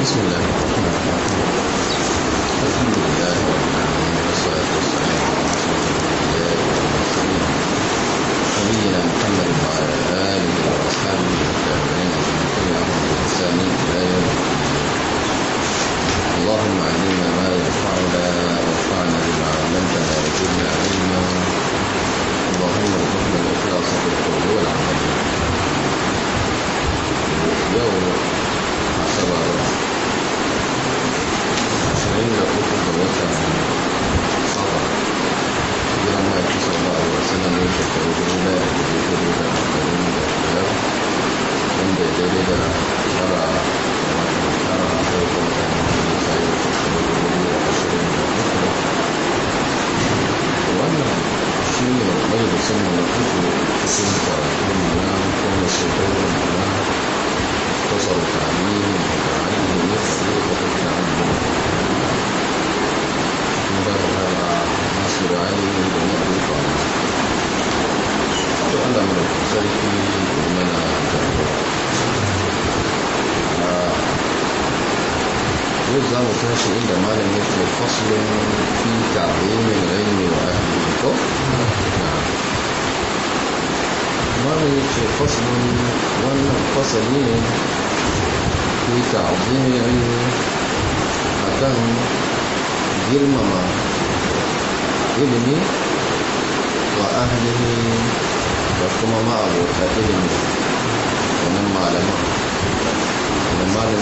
بسم الله الرحمن الرحيم الحمد لله رب العالمين والصلاة والسلام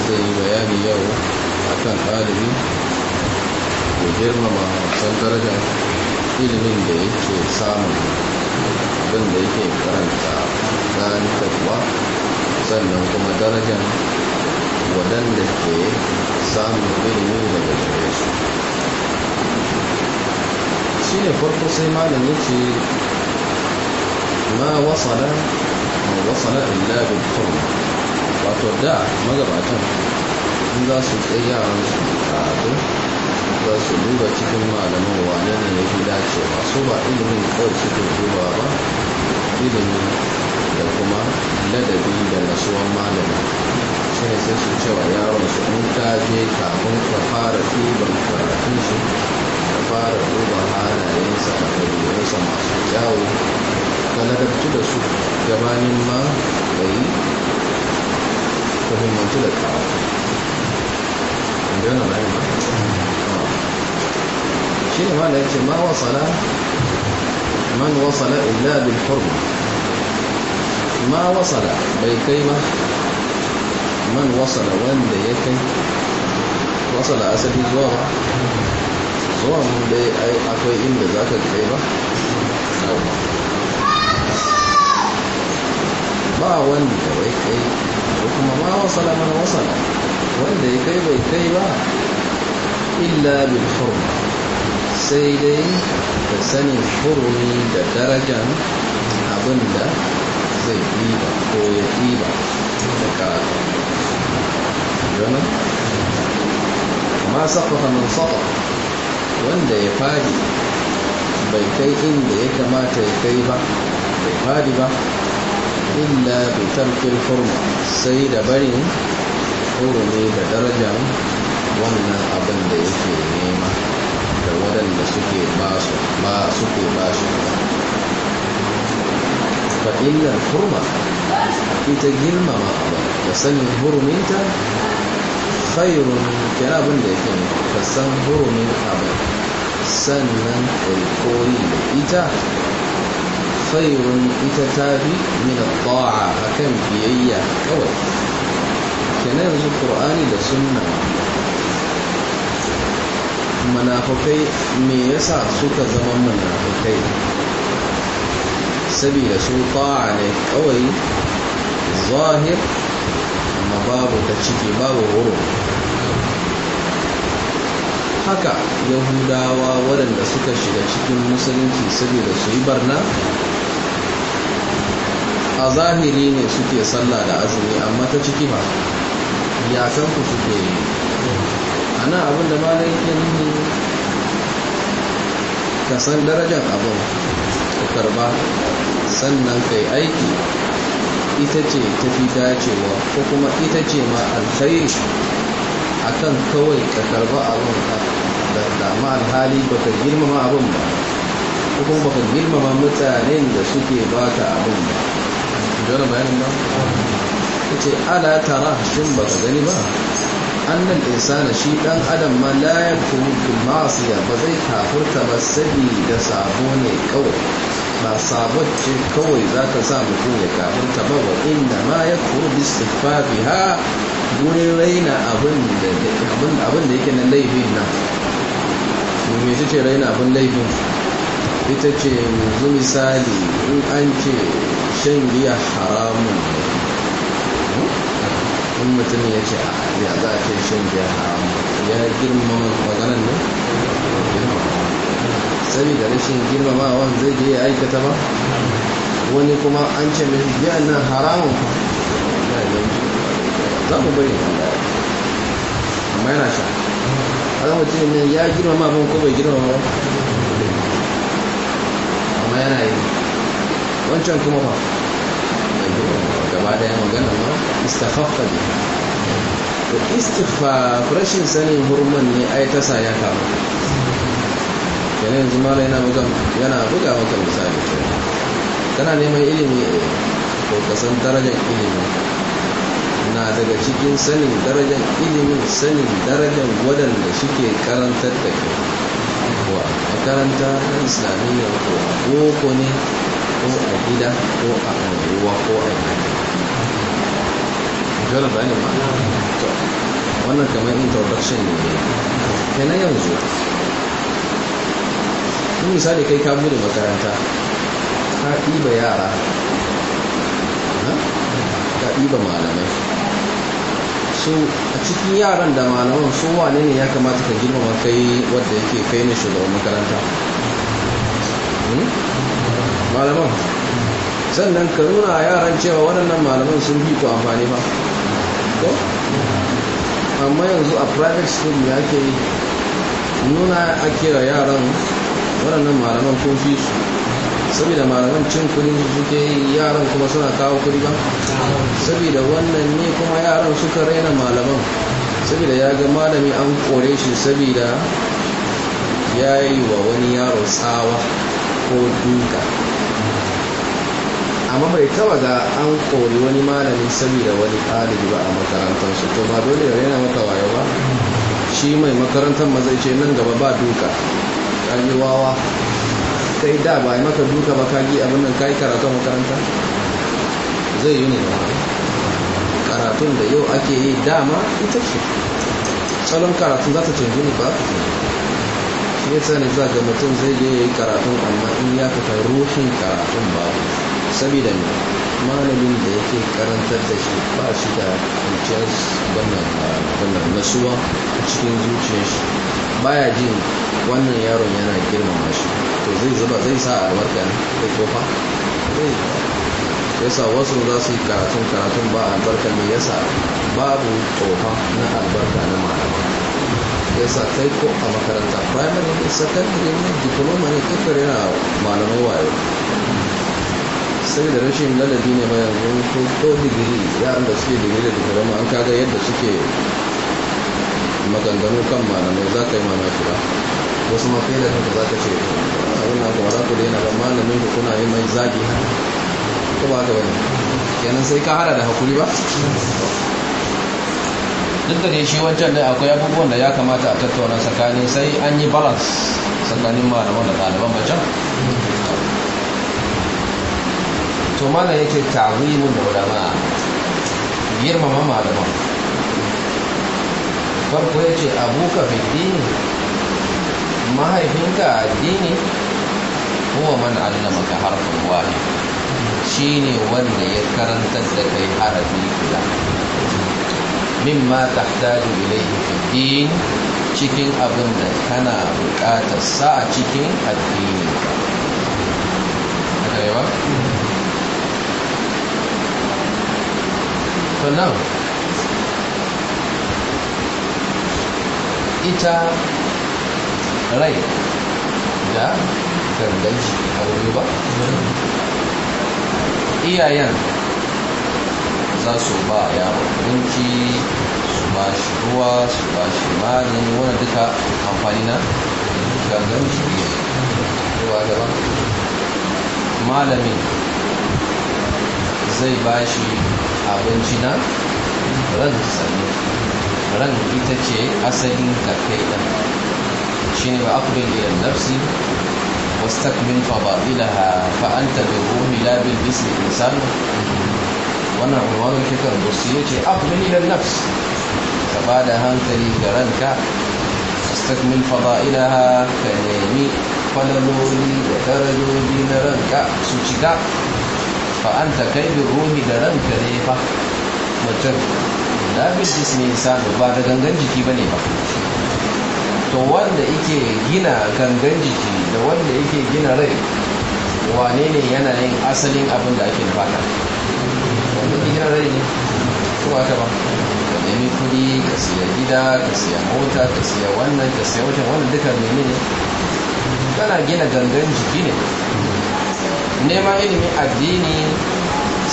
zai yi bayani yau a kan ɗalibi ya girmama san daraja ilimin da yake samun abin da yake karanta karantarwa sannan kuma darajan waɗanda ke samun ilimi daga gare su shi ne farko sai malam ya ce ma wasala ma wasala illa bil wato da magabatan in za su tsaye yaran su karatu za su duba cikin malamin wane ne ya fi dacewa su ba ilimin kawai suke duba ba ilimin da kuma ladabi da nasuwan malami shi ne sai su cewa yaron su in ka je kafin ka fara tuban karatun shi ka fara duba halayensa da kabilansa masu kyawu ka ladabci da su gabanin ma bai 就会呢，就得看。عندنا ما ما وصل من وصل إلا بالحرمة ما وصل بيكيمة من وصل وين بيكي وصل أسد الزوار zuwan dai akwai inda za ka ba wanda bai kai ko kuma ba wasala mana wasala wanda ya kai bai kai ba illa bil hurma sai dai da sanin hurmi da darajan abin da zai yi ba ko ya yi ɗiba da kara ganin ma sakwafa min sakwa wanda ya fadi bai kai inda ya kamata ya kai ba bai fadi ba illa bi tarkil hurma sai da barin hurumi da darajar wannan abin da yake nema da waɗanda suke ba su ba suke ba shi fa illa hurma ita girmama abin da sanin huruminta khairun kira abin da yake ne ka san hurumin abin sannan kai koyi da ita khairun ita tafi min ta'a akan biyayya kawai kenan yanzu qur'ani da sunna munafukai me yasa suka zama munafukai Sabida su ta'a ne kawai zahir amma babu ta ciki babu wuro haka yahudawa waɗanda suka shiga cikin musulunci saboda su yi barna a zahiri ne suke sallah da azumi amma ta ciki ba ku suke yi a nan abinda malai ke nuni ka san darajar abin ka karba sannan kai aiki ita ce tafi dacewa ko kuma ita ce ma alkhairi akan kawai ka karba abin ka da dama alhali baka girmama abin ba ko kuma baka girmama mutanen da suke baka abin ba ji wani bayanin ba ta ce ala tara shin ba gani ba annan insana shi dan adam ma la ya masiya ba zai kafurta ba sabida sabo ne kawai ba sabo ce kawai za ta sa mutum ya kafurta ba ba inda ma ya kuru bistifafi ha gurin raina abin da yake nan laifin nan ce raina abin laifin ita ce yanzu misali in an ce shan giya haramun hmm? in mutum ya ce ah, ya za a ce shan giya haramun ya girma maganan ne saboda rashin wani zai je ya aikata ba wani kuma an ce mai giya nan haramun za mu bari amma yana sha a zama ce ya girma ma ban ko bai girma. ba yana yi wancan kuma ba mai girmama gaba magana ma istakhaffa ne to istighfar rashin sanin hurman ne ai ta sa ya kama kenan yanzu mala yana buga yana buga maka misali tana neman ilimi ko kasan darajar ilimi na daga cikin sanin darajar ilimin sanin darajar shi ke karantar da kai cewa makaranta na islamiyya ko a boko ne ko a gida ko a unguwa ko a gida jona bayani wannan kamar introduction ne na yanzu in misali kai ka da makaranta ka ɗiba yara ka ɗiba malamai so a cikin yaran da malaman so wane ne ya kamata ka girmama kai wadda yake kai ne shugaban makaranta hmm? malaman sannan ka nuna yaran cewa waɗannan malaman sun fi ku amfani ba ko amma yanzu a private school ya ke nuna ake yaran waɗannan malaman kun fi su saboda malaman cin kudi suke yaran kuma suna kawo kudi ba saboda wannan ne kuma yaran suka raina malaman saboda ya ga malami an kore shi saboda ya yi wa wani yaro tsawa ko duka amma bai taba ga an kori wani malami saboda wani ɗalibi ba a makarantarsu to ba dole da raina maka wayo ba shi mai makarantar mazaice nan gaba ba duka ƙarfi wawa kai da ba yi maka duka ba kagi abin nan kai karatun makaranta zai yi ne karatun da yau ake yi dama ita ce salon karatun za ta canji ne ba shi ya sani za ga mutum zai je ya yi karatun amma in ya fita ruhin karatun ba saboda ne malamin da yake karantar da shi ba shi da kwanciyar nasuwa a cikin zuciyar shi baya jin wannan yaron yana girmama shi to zai zuba zai sa albarka ne ko kofa zai yasa wasu za su yi karatun karatun ba albarka mai yasa babu tsofa na albarka na malama yasa kai ko a makaranta primary ne secondary ne diploma ne kakar yana malamai wayo sai da rashin lalabi ne mai yanzu ko digiri yaran da suke digiri da diploma an kaga yadda suke maganganu kan malamai za ka yi mamaki ba wasu mafi da kanka za ka ce abin da ba za ku daina ba malamin ku kuna yi mai zagi ko ba ka wani kenan sai ka hada da hakuri ba duk da shi wancan da akwai abubuwan da ya kamata a tattauna tsakanin sai an yi balance tsakanin malaman da ɗaliban bacan to mana yake ta'zimin ulama girmama malaman farko ya ce abuka fi dini mahaifinka a addini huwa man allamaka harfin shi shine wanda ya karantar da kai harafi ma mimma tahtaju ilayhi fi dini cikin abin da kana buƙatar sa a cikin addini ka. to now ita rai da gangan jiki ba iyayen za su ba yawon abinci su ba shi ruwa su ba shi magani wani duka amfani na gangan ruwa daban malamin zai ba shi abinci na ranar ne ran ita ce asalin ka kai ɗan shi ne ba afirin ilan nafsi wasu takmin faba'ilaha fa'anta da ruhi labin bisni misali wannan ruwan kikar bursi ya ce afirin ilan nafsi ka ba da hankali ga ranka استكمل فضائلها كنيمي فللولي وترجولي نرنك سوشيكا فأنت كيد الروح لرنك ليفا da abisis ne sabu ba da gangan jiki ba ne ba to wanda yake gina gangan jiki da wanda yake gina rai wane ne yana yin asalin abin da ake bukata wanda ke gina rai ne ko ba ba ka nemi kudi ka siya gida ka siya mota ka siya wannan ka siya wajen wannan duka nemi ne kana gina gangan jiki ne neman ilimin addini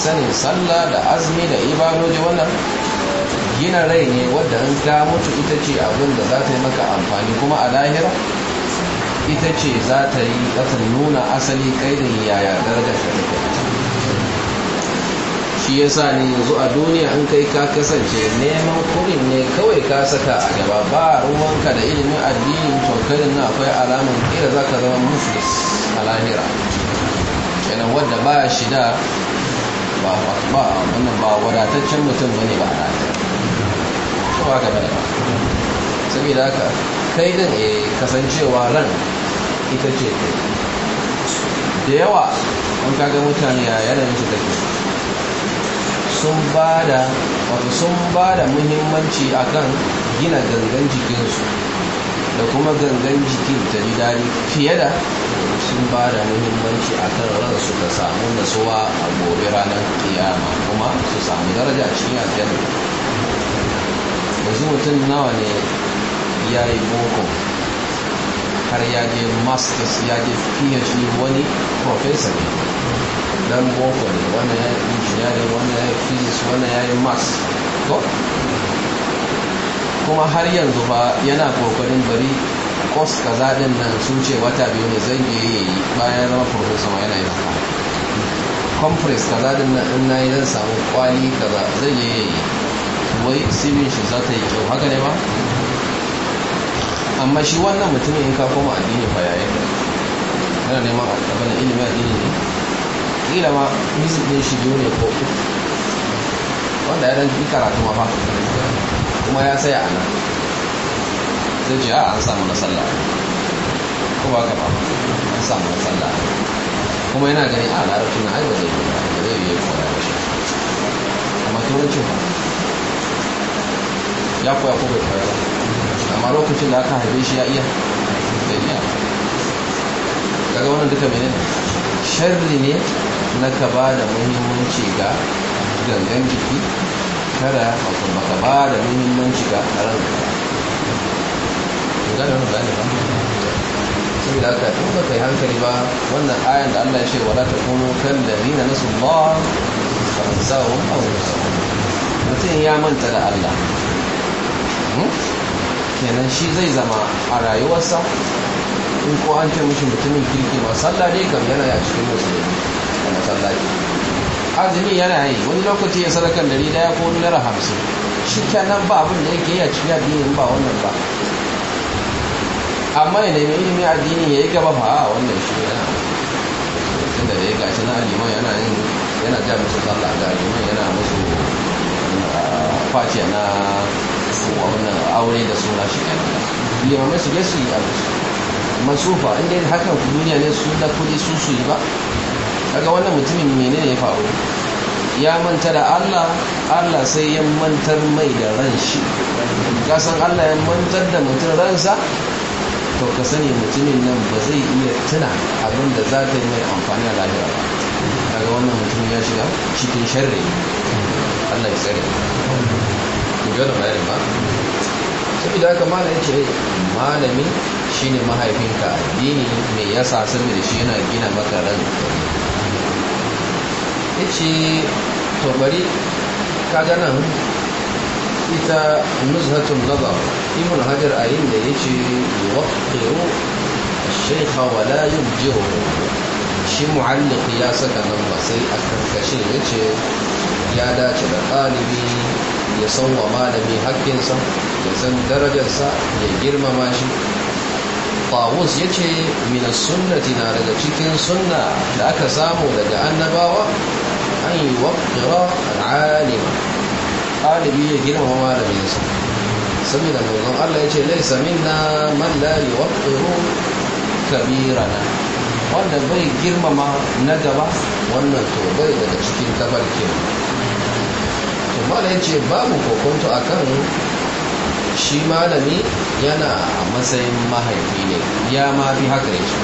sanin sallah da azumi da ibadoji wannan gina rai ne wadda in ka mutu ita ce abin da za ta yi maka amfani kuma a lahira ita ce za ta yi ta nuna asali ƙaidin yaya darajar ka take shi ya sa ne yanzu a duniya in kai ka kasance neman kurin ne kawai ka saka a gaba ba ruwanka da ilimin addinin tokarin na akwai alamun ƙira za ka zama muflis a lahira kenan wadda ba shi da ba wadataccen mutum ne ba a lahira ko haka bane saboda haka kai din eh, kasancewa ran ita ce kai da yawa an kaga mutane a yanayin su take sun ba da wato sun ba da muhimmanci akan gina gangan jikinsu da kuma gangan jikin ta ji daɗi fiye da sun ba da muhimmanci a kan ransu da samu nasuwa a gobe ranar kiyama kuma su samu daraja cikin aljanna yanzu mutum nawa ne ya yi boko har ya je masters ya je phd wani professor ne dan boko ne wannan ya yi engineering wannan ya yi physics wannan ya yi mass ko kuma har yanzu ba yana kokarin bari kos ka zaɗin nan sun ce wata biyu ne zan iya yi bayan zama professor ma yana yi conference ka zaɗin nan in na yi zan samu kwali kaza zan iya yi wai sirrin shi za ta yi kyau haka ne ba amma shi wannan mutum yin ka koma addini fa yayin yana neman abin ilimi addini ne kila ma music ɗin shi biyu ne ko uku wanda ya dan yi karatu ma fa kuma ya saya a nan zai ce a ah, an samu na sallah ko ba ka ba an samu na sallah kuma yana ganin a ah, larabci na aiwa zai yi ba zai yi koya da shi amma turancin ba ya kuwa ko bai fara amma lokacin da aka haife shi ya iya bai iya Daga wannan duka mai mene sharri ne na ka ba da muhimmanci ga gangan jiki kada ba ka ba da muhimmanci ga karar da gane wani bayani ba saboda haka in ba kai hankali ba wannan ayan da Allah ya ce wala kuno kan ladina nasu Allah fa ansahum anfusahum mutum ya manta da Allah mu kenan shi zai zama a rayuwarsa in ko an ce mishi mutumin kirki ma sallah ne kan yana ya cikin musulmi a masallaci azumi yana yi wani lokaci ya sadakan dari daya ko naira hamsin shi kenan ba abin da yake yi a cikin ba wannan ba amma ya nemi ilimi addini ya yi gaba fa wannan shi yana tunda da ya gashi na aliman yana yin yana ja musu sallah da aliman yana musu ah, faciya na wannan aure da suna shi limamai su gaisu yi abu masufa inda yin hakan duniya ne su da kudi su su yi ba kaga wannan mutumin menene ya faru ya manta da Allah Allah sai ya mantar mai da ran shi kasan Allah ya mantar da mutum ransa to ka sani mutumin nan ba zai iya tuna abin da za ta yi mai amfani a lahira ba daga wannan mutum ya shiga cikin sharri Allah ya tsare ji wannan ba saboda haka malam ya ce malami shine mahaifinka addini mai yasa da shi yana gina maka ran ya ce to bari ka ganan ita nuzhatun nazar imun hajar a yin da ya ce yuwaqqiru shaykha wa yubjiru shi mu'alliq ya saka nan ba sai a karkashin ya ce ya dace da ɗalibi ya san wa malami haƙƙinsa ya san darajarsa ya girmama shi tawus ya ce mina sunnati na daga cikin sunna da aka samu daga annabawa an yi waƙira al'alima ɗalibi ya girmama malaminsa saboda manzon Allah ya ce laisa minna man la Kabira na. wanda bai girmama na gaba wannan to bai daga cikin tabarkin mana ce babu kokonto a kan shi malami yana a matsayin mahaifi ne ya ma fi haka yake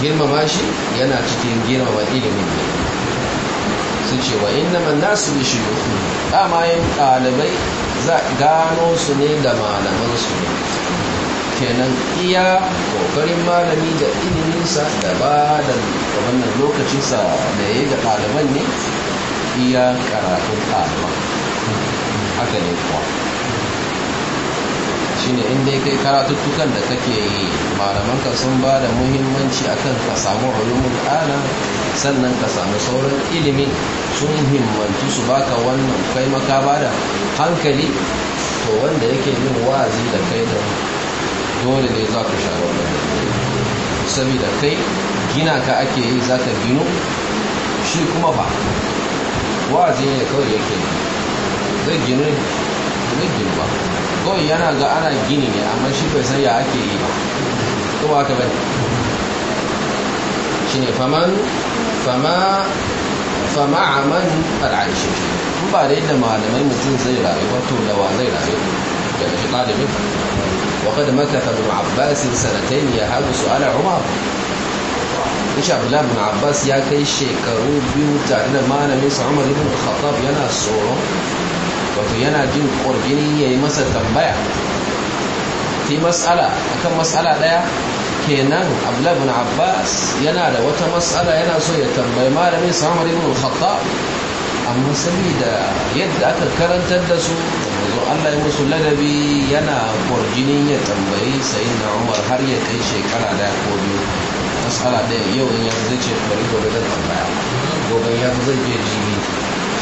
girmama shi yana cikin girmama ilimin ne su ce wa inna man nasu bi shi dama yin ɗalibai za gano su ne da malamansu ne kenan iya kokarin malami da iliminsa da ba da wannan lokacinsa da ya ga ɗaliban ne iya karatun ɗaliban haka ne kuwa shi ne inda ya kai karatuttukan da kake yi malamanka sun ba da muhimmanci akan ka samu ulumul alam sannan ka samu sauran ilimin sun himmanci su baka wannan kai maka ba da hankali to wanda yake yin wa'azi da kai da dole ne za ku shara wannan saboda kai gina ka ake yi za ka gino shi kuma ba wa'azi ne kawai yake zai gini zai gini ba kawai yana ga ana gini ne amma shi bai san ya ake yi ba kuma aka bai shi ne faman fama fama aman al'aishi in ba da yadda malamai mutum zai rayu wato da wa zai rayu daga shi ɗalibin وقد مكث ابن ya سنتين su ana rumar insha Abdullahi bin Abbas ya kai shekaru biyu tare da malamin sa Umar ibn Khattab yana tsoro wato yana jin ƙorgini ya yi masa tambaya fi mas'ala akan mas'ala ɗaya kenan Abdullahi bin Abbas yana da wata mas'ala yana so ya tambayi malamin sa Umar ibn Khattab amma saboda yadda aka karantar da su yanzu Allah ya musu ladabi yana ƙorginin ya tambayi sayyidina Umar har ya kai shekara ɗaya ko biyu matsala ɗaya yau in yanzu zai ce bari gobe da tambaya gobe yanzu zai je jibi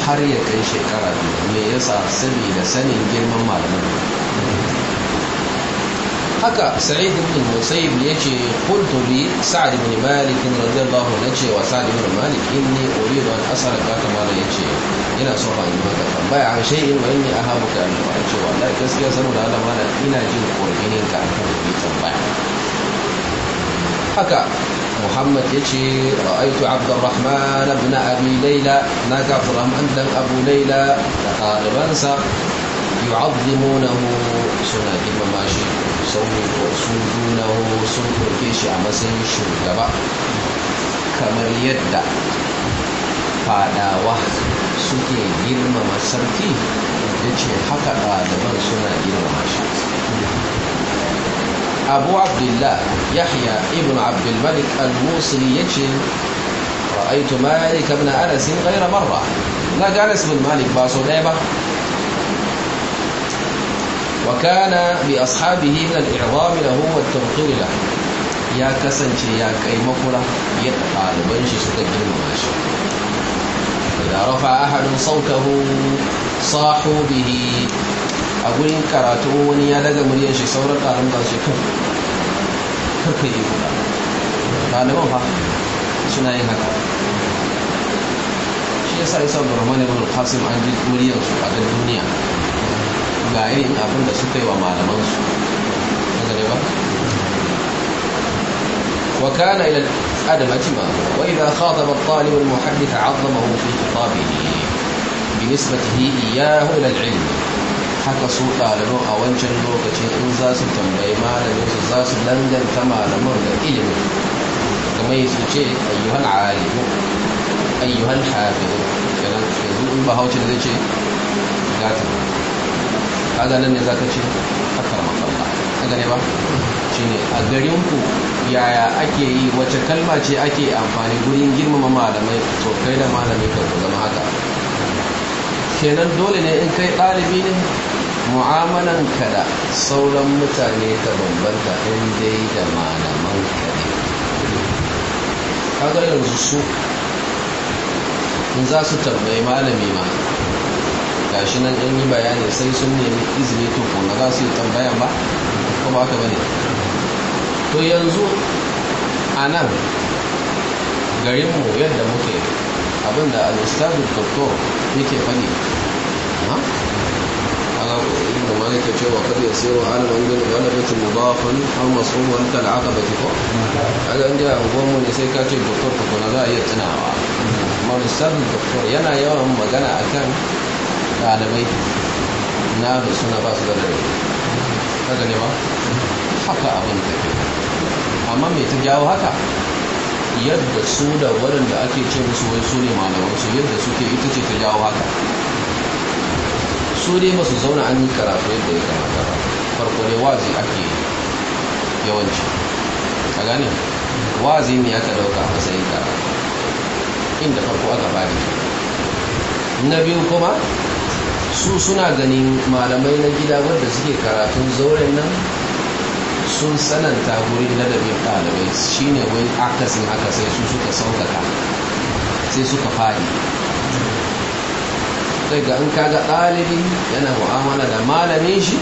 har ya kai shekara biyu me yasa saboda sanin girman malamin haka sa'id ibn musayyib yace qultu li sa'd ibn malik radiyallahu anhu ce wa sa'd ibn malik inni uridu an ka kama da yace ina so ba ina ka tambaya an shay'in wa a ahabuka an ce wallahi gaskiya saboda Allah ina jin korinin ka akan tambaya haka muhammad ya ce ra'aitu abdurrahman ibn abi laila na ga abdurrahman dan abu laila da ɗalibansa yu'azzimunahu suna girmama shi sauƙunahu sun ɗauke shi a matsayin shugaba kamar yadda fadawa suke girmama sarki da ce haka ɗaliban suna girmama shi abu abdullah yahya ibn abdulmalik al-musili ya ce ra'aitu malik ibn anas ghayra marra na ga anas malik ba so daya ba wa kana bi ashabihi min al-i'zam lahu wa ya kasance ya kai makura ya ɗaliban shi suka girmama shi da rafa sauka sautahu sahu bihi a gurin karatu wani ya daga muryar shi sauran ɗarin ba su kan karka yi kuɗa ɗaliban fa suna yin haka shi ya sa isa da ramani wani kasim an ji muryar su a ɗan duniya ga irin abin da suka yi wa malamansu daga ne ba وكان إلى الأدمة ما وإذا خاطب الطالب المحدث عظمه في خطابه بنسبته إياه إلى العلم haka su ɗalibin a wancan lokacin in za su tambayi malamin su za su danganta malamin da ilimin mai su ce ayyuhan alimu ayyuhan hafizu kenan yanzu in ba haucin zai ce gata kaga nan ne za ka ce haka makalla kaga ne ba shi ne a garinku yaya ake yi wace kalma ce ake amfani gurin girmama malamai to kai da malamai kan zama haka kenan dole ne in kai ɗalibi ne mu'amalan ka da sauran mutane ta bambanta in dai da malaman ka ne kaga yanzu su in za su tambayi malami ma shi nan ɗan yi bayani sai sun nemi izini tukuna za su yi tambayan ba ko ba ka bane to yanzu a nan garinmu yadda muke abinda al-ustadu doktor yake fani ابن مالك جاء وقد يصير على من غلبة مضافا أو مصروما كالعقبة فوق هذا عندي أبوه من يسيكا الدكتور تكون لا يتناوى ما نستاذ الدكتور ينا يوم مغانا أكان ɗalibai na da suna ba su da dare kaga ne ba haka abin tafi amma yadda su da waɗanda ake ce musu wai su ne malamansu yadda suke ita ce ta jawo haka su dai ba su zauna an yi karatu yadda ya kamata ba farko dai wazi ake yawanci a gane wazi ne aka dauka a matsayin karatu inda farko aka bari na biyu kuma su suna ganin malamai na gida wadda suke karatun zauren nan sun sananta wurin ladabin ɗalibai shine wai akasin haka sai su suka saukaka sai suka fadi sai ga an kaga ɗalibi yana mu'amala da malamin shi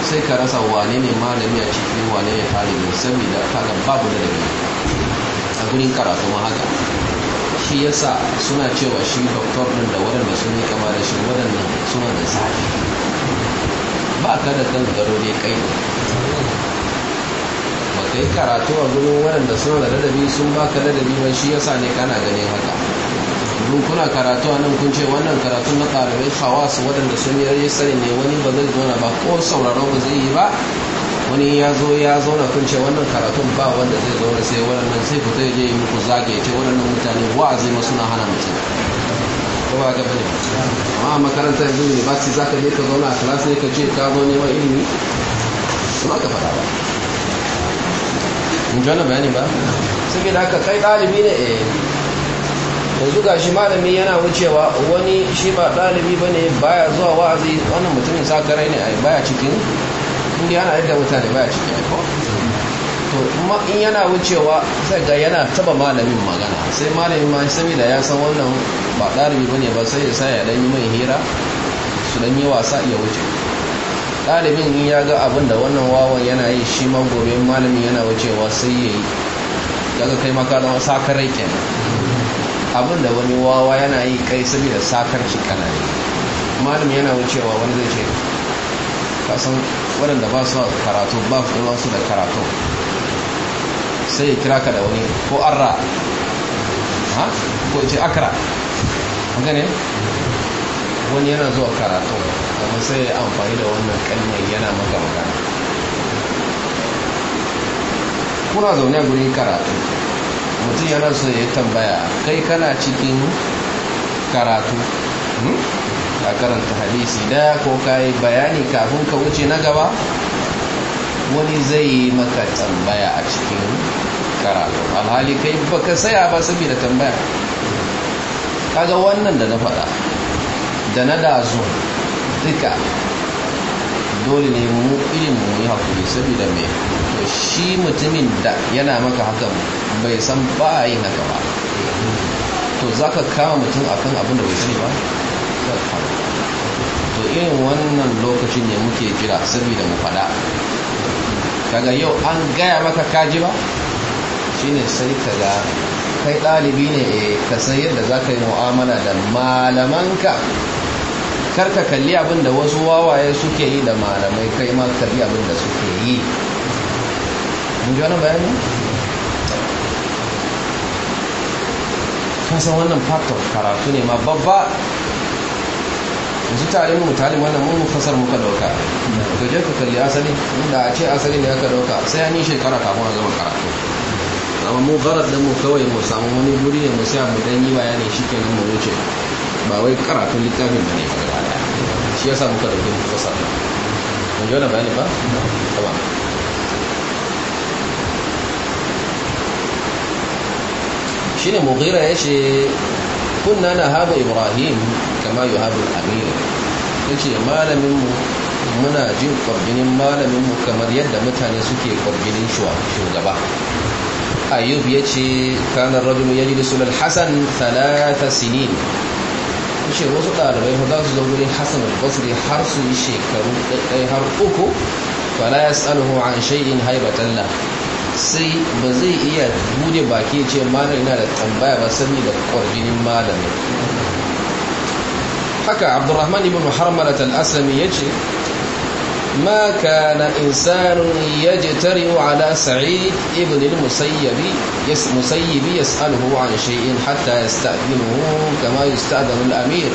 sai ka rasa wane ne malami a cikin wane ne ɗalibi da kaga babu da daga a gurin karatu ma haka shi sa suna cewa shi doktor ɗin da waɗanda sun yi kama da shi waɗannan suna da zafi ba ka da kan garo ne kai ba yi karatu a gurin waɗanda suna da ladabi sun baka ladabi ba shi ya sa ne kana ganin haka domin kuna karatu a nan kun ce wannan karatu na ɗalibai hawasu waɗanda sun yi sani ne wani ba zai zauna ba ko sauraro ba zai yi ba wani ya zo ya zauna kun ce wannan karatun ba wanda zai zauna sai waɗannan sai ku zai je yi muku zage ce waɗannan mutane wa'azi ma suna hana mutum ko ba ga bane amma a makarantar yanzu ne ba za ka je ka zauna a class ne ka ce ka zo neman ilimi kuma ka faɗa ba in ji wani bayani ba saboda haka kai ɗalibi ne eh yanzu ga shi malami yana wucewa wani shi ba ɗalibi ba ne baya zuwa wa'azi wannan mutumin sakarai ne a baya cikin inda yana yadda mutane baya cikin aiko to in yana wucewa sai ga yana taba malamin magana sai malamin ma da ya san wannan ba ɗalibi ba ne ba sai ya sa ya ɗan yi mai hira su ɗan yi wasa ya wuce ɗalibin in ya ga abin da wannan wawan yana yi shi ma gobe malamin yana wucewa sai ya yi daga kai maka zama sakarai kenan abin da wani wawa yana yi kai saboda shi kana yi malam yana wucewa wani zai ce kasan waɗanda ba su karatu ba kuma su da karatu sai ya kira ka da wani ko arra ha ko ce akra haka ne wani yana zuwa karatu amma sai ya amfani da wannan kalmar yana maka magana kuna zaune guri karatu mutum yana so ya tambaya kai kana cikin karatu hmm? a karanta hadisi da ko kayi bayani kafin ka wuce na gaba wani zai yi maka tambaya a cikin karatu alhali kai baka saya ba saboda tambaya kaga wannan da na faɗa da na dazo duka dole ne mu ilimin mu yi haƙuri saboda mai to shi mutumin da yana maka haka bai san ba yi haka ba to za ka kama mutum a kan abin da bai sani ba to irin wannan lokacin ne muke jira sirri da mu faɗa kaga yau an gaya maka kaji ba shine sai kaga kai ɗalibi ne eh, ka san yadda za ka yi mu'amala da malamanka ka kalli abin da wasu wawaye suke yi da malamai kai ma kalli abin da suke yi mun ji wani bayani kasan wannan part karatu ne ma babba yanzu tare mu mutane wannan mun fasar muka dauka ga je ka kalli asali inda a ce asali ne aka dauka sai an yi shekara kafin a zama karatu amma mu garar da mu kawai mu samu wani guri ne mu sai mu dan yi bayani kenan mu wuce ba wai karatu littafin ne ba shi yasa muka dauke mu fasar mun ji wannan bayani ba tamam shine mughira ce kunna na haba ibrahim kama yuhabu amir yace malamin mu muna jin kwarbinin malamin mu kamar yadda mutane suke kwarbinin shugaba ayyub yace ya rajulu yajlisu lil hasan thalatha sinin ce wasu ɗalibai fa za su zo wurin hassan albasri basri har su yi shekaru ɗaiɗai har uku fala ya tsanuhu an shay'in haibatan lahu sai ba zai iya bude baki ce malam ina da tambaya ba sani da kwarjinin malam haka abdurrahman ibn harmalat al-aslami yace ما كان إنسان يجترئ على سعيد ابن المسيب يس مسيب يسأله عن شيء حتى يستأذنه كما يستأذن الأمير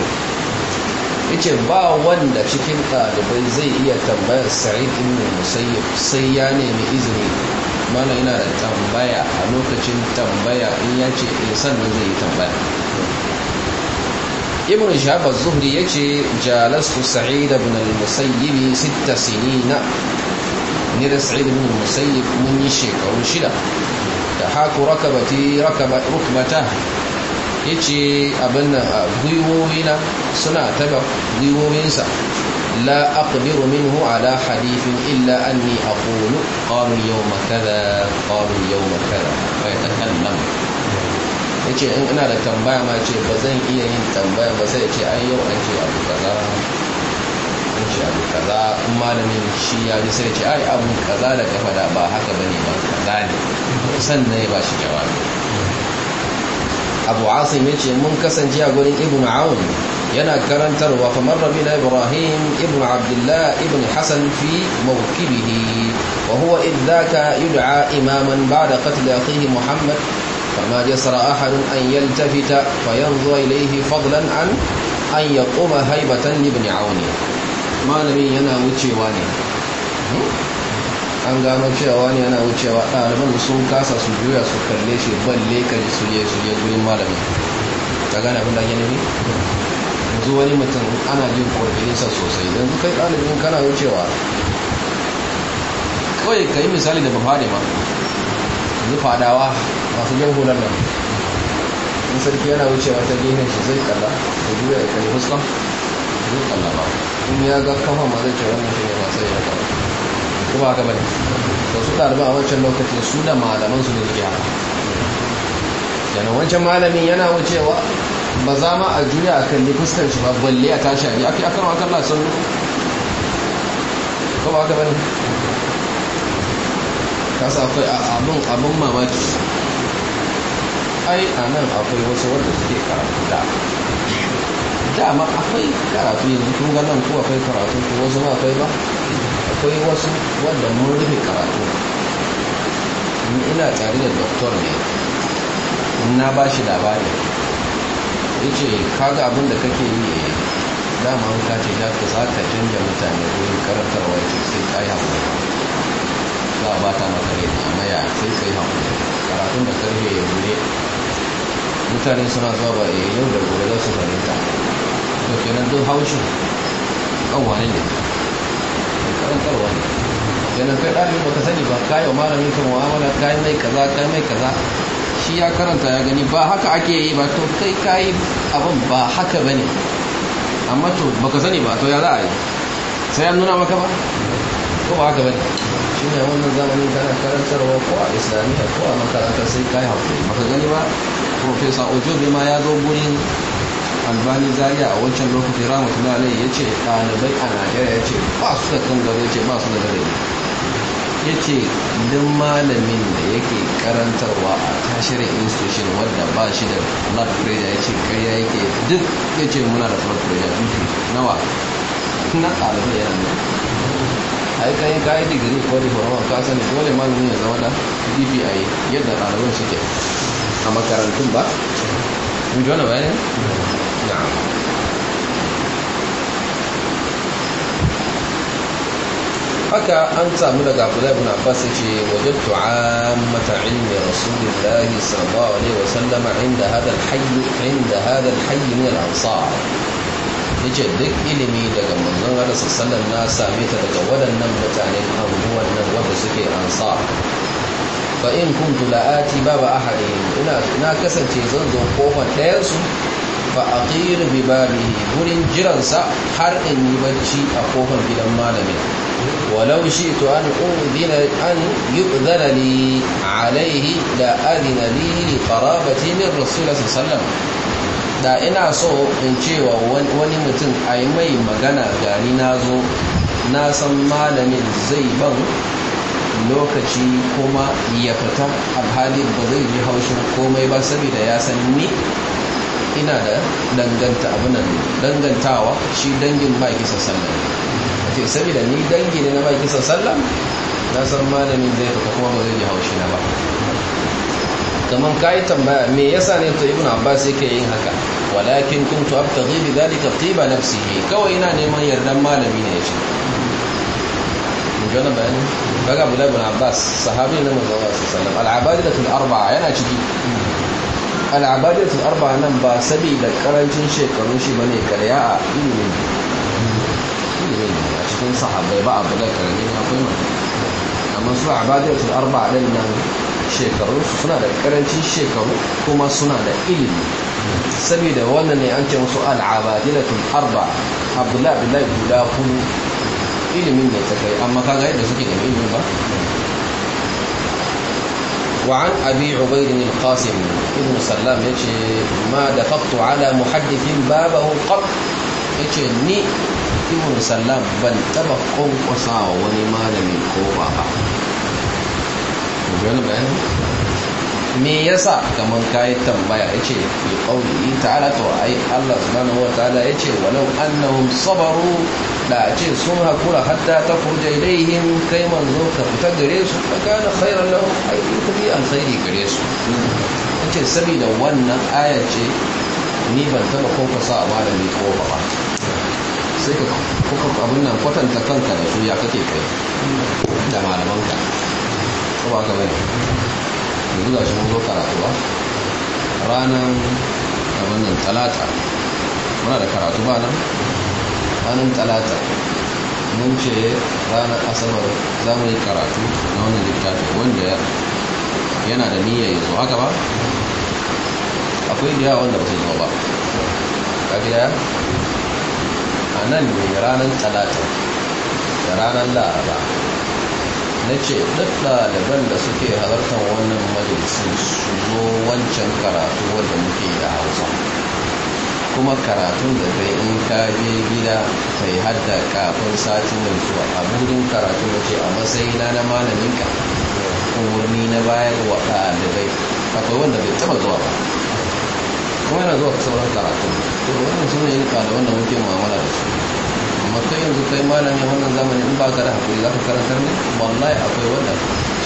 yace ba wanda cikin ɗalibai zai iya tambayar sa'id ibn musayyib sai ya nemi izini mana ina da tambaya a lokacin tambaya in ya ce in eh, sannan zai yi tambaya ibn shahab az-zuhri yace jalastu sa'id ibn al-musayyib sitta sinina ni da sa'id ibn al-musayyib mun yi shekaru shida da haku rakabati rakaba rukbata yace abin nan gwiwoyina suna taba gwiwoyinsa لا أقدر منه على حديث إلا أني أقول قال يوم كذا قال يوم كذا فيتكلم yace in ina da tambaya ma ce ba zan iya yin tambaya ba sai ce ai yau an ce abu kaza an ce abu kaza in malamin shi ya ji sai ce ai abu kaza da kafa da ba haka bane ba kaza ne sannan ya ba shi jawabi abu asim yace mun kasance a gurin ibnu aun yana karantarwa kamar rabina ibrahim ibn abdullah ibn hasan fi mawkibihi wa huwa idaka yud'a imaman ba'da qatl akhihi muhammad فما جسر أحد أن يلتفت فينظر إليه فضلا عن أن يقوم هيبة لابن عون malami yana wucewa ne an gano cewa ne yana wucewa ɗaliban sun kasa su juya su kalle shi balle ka ji suje suje gurin malamin ka gane abin da ake nufi yanzu wani mutum ana jin kwarfinsa sosai don kai ɗalibin kana wucewa kawai ka yi misali da bafade ma yanzu fadawa masu jan hular nan in sarki yana wucewa ta gehen shi zai kalla da juya ya kalli fuska zai kalla ba in ya ga kafa ma zai ce wannan shi ne masu yi haka kuma haka bane to su ɗalibi a wancan lokacin su da malaman su ne suke haka yana wancan malamin yana wucewa ba za ma a juya a kan fuskan shi ba balle a tashi a yi aka kama akan lasan ko ba haka bane ka sa akwai abin abin mamaki ai a nan akwai wasu wanda suke karatu da dama akwai karatu yanzu kun ga nan ko akwai karatu ko wasu ba akwai ba akwai wasu wanda mun rufe karatu ina tare da doktor ne na ba shi labarin ya ce kaga abin da kake yi eh, dama an kace za ka za canja mutane wurin karantarwa ya ce sai ka yi hakuri za a ta maka ne a maya sai ka yi hakuri karatun da karfe ya bude mutane suna zuwa ba ya eh, yau da gobe za su fahimta to kenan duk haushin kan wani ne karantarwa ne kenan kai ɗalibin ba ka sani ba malamin kan mu'amala kai mai kaza kai mai kaza shi ya karanta ya gani ba haka ake yi ba to kai kayi abin ba haka ba ne amma to baka sani ba to ya za a yi sai an nuna maka ba ko ba haka ba ne shi ne wannan zamanin kana karantarwa ko a islamiyya ko a makaranta sai kayi haƙuri baka gani ba profesa bai ma ya zo gurin albani zaria a wancan lokacin ramatu na ya ce ɗalibai a najeriya ya ce ba su da kan gado ya ce ba su da gado ya ce duk malamin da yake karantarwa a tashirin institution wadda ba shi da blood pressure ya ce karya yake duk ya ce muna da blood pressure nawa na ɗalibai ya nan ai ka yi kayi digiri ko kwanwa ka sani dole malamin ya zama da dbi yadda ɗaliban suke a makarantun ba? Mun ji wani bayanin? haka an samu daga Abdullahi ibn Abbas yace wajadtu ammata ilmi Rasulillah sallallahu alaihi wasallam inda hada hayi inda hada hayi ne ransa ya ce duk ilimi daga manzon Allah sallan na same ta daga waɗannan mutane abubuwan nan wanda suke ransa fa in kuntu la'ati baba ahadin ina na kasance zan zo kofar ɗayan su fa'aƙir ba babi wurin jiransa har in yi bacci a kofar gidan malamin ولو شئت أن أؤذن أن يؤذن لي عليه أذن لي لقرابة من رسول الله صلى الله عليه وسلم da ina so in cewa wani mutum a yi mai magana gani na zo na san malamin zai ban lokaci kuma ya fita alhali ba zai ji haushin komai ba saboda ya san ni ina da dangantawa shi dangin ba kisa ce da ni dangi ne na ma'aikin sallam na san malamin zai tafi kuma ba zai ji haushi na ba kaman kai tambaya me yasa ne to ibnu abbas yake yin haka walakin kuntu abtaghi bi dalika tiba nafsihi kawai ina neman yardan malami ne yace mun ji bayani daga bulai ibn abbas sahabi ne manzo Allah sallallahu alaihi wasallam al-abadatu al arba'a yana ciki al-abadatu al arba'a nan ba saboda karancin shekarun shi bane karya a ilimin ilimin cikin sahabbai ba abu da karami akwai mata amma su a badiyatul arba din nan shekaru suna da karancin shekaru kuma suna da ilimi saboda wannan ne an ce musu al'abadiyatul arba abdullahi abdullahi guda hudu ilimin da ta kai amma kaga yadda suke da ilimin ba وعن أبي عبيد القاسم ابن سلام يقول ما دققت على محدث بابه قط يقول ني ibn sallam ban taba kwankwasa wa wani malami ko ba ba me yasa kamar kayi tambaya yace fi qawli ta'ala to ai Allah subhanahu wa ta'ala yace walau annahum sabaru da ce sun hakura hatta ta kuje ilaihim kai manzo ka fita gare su fa kana khairan lahum ai an alkhairi gare su yace sabida wannan aya ce ni ban taba kofa sa malami ko ba sai ka kuka abin nan kwatanta kanka da su ya kake kai da malamanka ko ba ka bane yanzu ga shi mun zo karatu ba ranar abin nan talata muna da karatu ba nan ranar talata mun ce ranar asabar za mu yi karatu na wannan littafi wanda yana da niyyar yanzu haka ba akwai da yawa wanda ba su zo ba ka a nan ne ranar talata da ranar laraba na ce duk ɗaliban da suke halartar wannan majalisun su zo wancan karatu wanda muke da hausa kuma karatun da bai in kaje gida gida kai hadda kafin sati mai zuwa a burin karatu da ce a matsayina na malaminka wurni na bayar wa dabai akwai wanda bai taba zuwa ba kuma yana zuwa sauran karatu to wannan sun yi da wannan muke mu'amala da su amma kai yanzu kai malami wannan zamani in ba ka da hakuri za ka karantar ne wallahi akwai wanda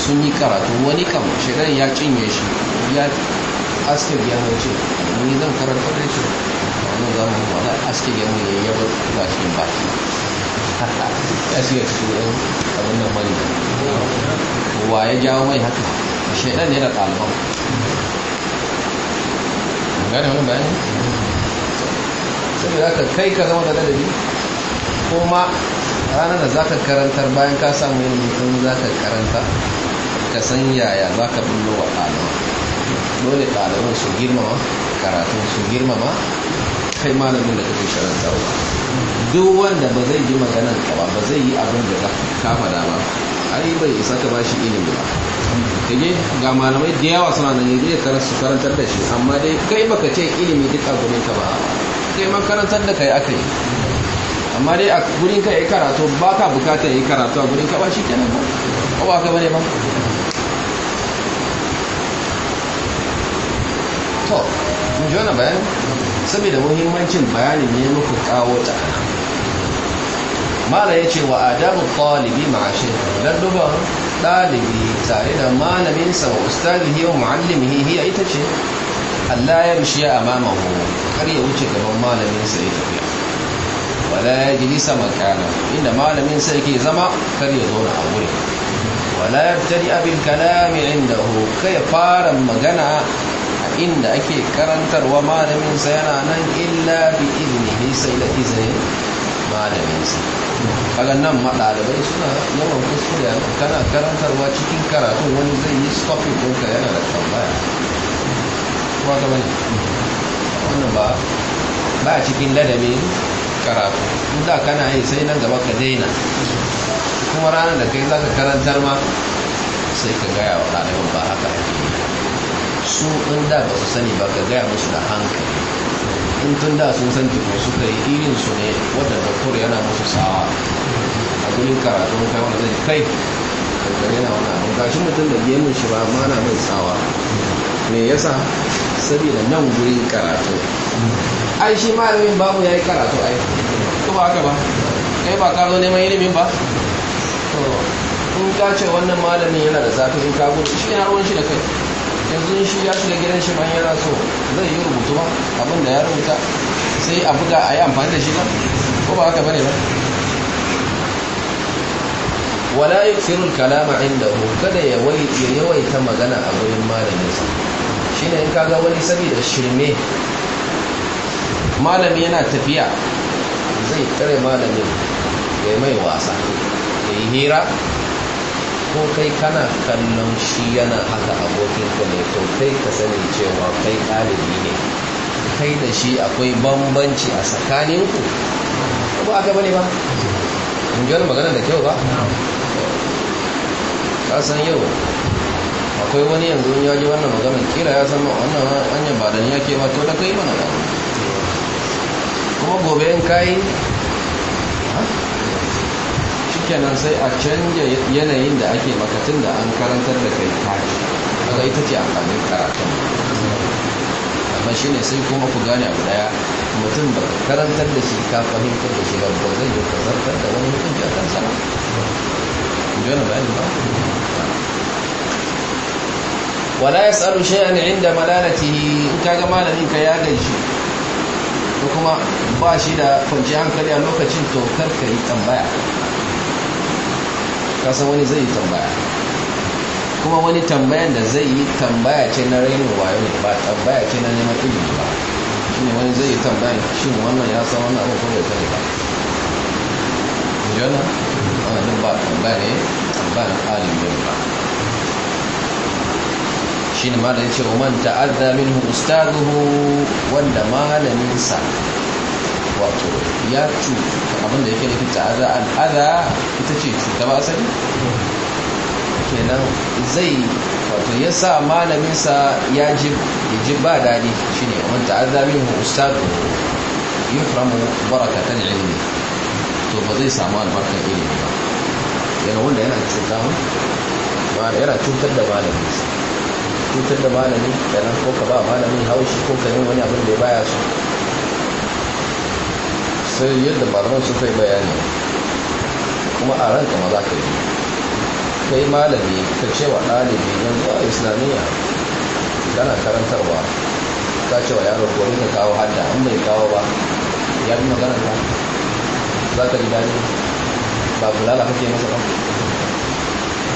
sun yi karatu wani kam shekaran ya cinye shi ya aske gyamun ce ni zan karantar da shi wannan zamani wallahi aske gyamun ya yaba ga shi baki ya shiga cikin yan abin nan mani wa ya jawo mai haka shekaran ne da ɗaliban gane wani bayani saboda aka kai ka zama da ladabi ko ma ranar da za ka karantar bayan ka samu yin mutum za ka karanta ka san yaya za ka bullo wa ɗaliban dole ɗaliban su girmama karatun su girmama kai malamin da kake karantarwa duk wanda ba zai ji maganar ka ba ba zai yi abin da za ka kama dama ai bai isa ka ba shi ilimi ba kaje ga malamai da yawa suna da yaje su karantar da shi amma dai kai baka ce ilimi duk a gurin ka ba kai man karantar da kai aka yi amma dai a gurin ka yi karatu ba ka bukatar yi karatu a gurin ka ba shi kenan ba ba ka bane ba to mun ji wani bayani saboda muhimmancin bayani ne muku kawo ta mala yace ce wa adabu talibi ma'a shi duba ɗalibi tare da malaminsa wa ustadihi wa muallimihi hiya ita ce Allah ya rushe a mamahu kar ya wuce gaban malaminsa ya tafi. wala ya jilisa makana inda malaminsa yake zama kar ya zauna a wuri wala ya fitari abin kalami inda hu fara magana a inda ake karantarwa malaminsa yana nan illa bi izini sai da izinin malaminsa kaga nan ma ɗalibai suna yawan kuskure kana karantarwa cikin karatu wani zai yi stopping ka yana da tambaya kuma ga wani wannan ba ba a cikin ladabin karatu da kana yi sai nan gaba ka daina kuma ranar da kai za ka karantar ma sai ka gaya wa ɗaliban ba haka su in da ba su sani ba ka gaya musu da hankali in tun da sun san jiko suka yi irin su ne wanda doktor yana musu sawa a gurin karatu kai wanda zai kai kankan yana wani abin gashi mutum da biyan shi ba ma na mai sawa me yasa saboda nan gurin karatu ai shi malamin babu ya yi karatu ai ko ba haka ba kai ba ka zo neman ilimin ba to in ka ce wannan malamin yana da zafi in ka gudu shi yana ruwan shi da kai yanzu shi ya shiga gidan shi bayan yana so zai yi rubutu ba abin da ya rubuta sai a buga a yi amfani da shi ba ko ba haka bane ba wala yaksiru kalama indahu kada ya wai ya yawaita magana a gurin malamin sa shine in kaga wani saboda shirme malami yana tafiya zai kare malamin ya mai wasa ya yi hira ko kai kana kallon shi yana haka ka ne to kai ka sani cewa kai ɗalibi ne kai da shi akwai bambanci a tsakaninku ba aka bane ba mun ji wani magana da kyau ba ka san yau akwai wani yanzu ya ji wannan magana kira ya san wannan hanyar ba da ni yake ba to da kai mana kuma gobe in kayi nan sai a canja yanayin da ake makatun da an karantar da kai kaji daga ita ce amfanin karatun amma shi ne sai kuma ku gane abu daya mutum ba karantar da shi ka fahimtar da shi ba ba zai yi kasartar da wani mutum a kansa ba jona ba ne ba wala ya tsaro shayan inda malalatihi in ka ga malamin ka ya gaji ko kuma ba shi da kwanci hankali a lokacin to ka yi tambaya kasan wani zai tambaya kuma wani tambayan da zai yi tambaya ce na rainin wayo ne ba tambaya ce na neman ilimi ba shi ne wani zai yi tambaya shi wannan ya san wannan abu kuma ya sani ba jana wannan ba tambaya ne tambayan ne ba shi ne ma da ya ce wa man ta'adda minhu ustaduhu wanda malaminsa wato ya cutu abin da yake da fita al'ada ita ce shugaba ba asali kenan zai wato ya sa malaminsa ya ji ba daɗi shi ne wani ta'aza min ustadu yi faramu barakatan ilimi to ba zai samu albarkar ilimi ba yana wanda yana cuta yana cutar da malaminsa cutar da malami kenan ko ka ba malamin haushi ko ka yin wani abin da ya baya su sai yadda malaman suka yi bayani kuma a ranka ma za ka yi kai malami ka ce wa ɗalibi don zuwa islamiyya na karantarwa ka ce wa yaro gori ka kawo hadda an bai kawo ba ya bi magana ba za ka ji daɗi ba bulala kake masa ba